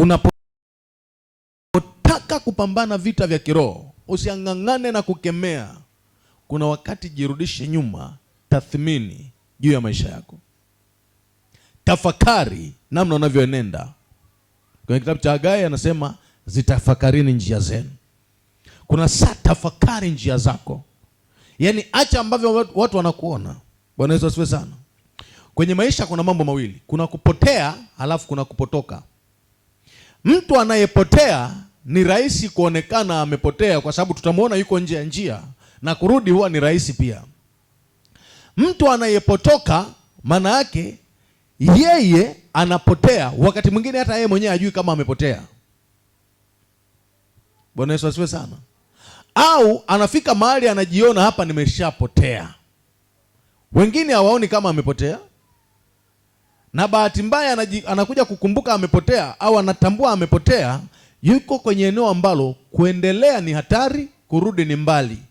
Unapotaka kupambana vita vya kiroho, usiang'ang'ane na kukemea. Kuna wakati jirudishe nyuma, tathmini juu ya maisha yako, tafakari namna unavyoenenda. Kwenye kitabu cha Hagai anasema zitafakarini njia zenu. Kuna saa tafakari njia zako, yaani acha ambavyo watu wanakuona. Bwana Yesu asifiwe sana. Kwenye maisha kuna mambo mawili, kuna kupotea halafu kuna kupotoka. Mtu anayepotea ni rahisi kuonekana amepotea, kwa sababu tutamwona yuko nje ya njia na kurudi huwa ni rahisi pia. Mtu anayepotoka maana yake yeye anapotea, wakati mwingine hata yeye mwenyewe ajui kama amepotea. Bwana Yesu asifiwe sana. Au anafika mahali anajiona, hapa nimeshapotea. Wengine hawaoni kama amepotea, na bahati mbaya anakuja kukumbuka amepotea au anatambua amepotea, yuko kwenye eneo ambalo kuendelea ni hatari, kurudi ni mbali.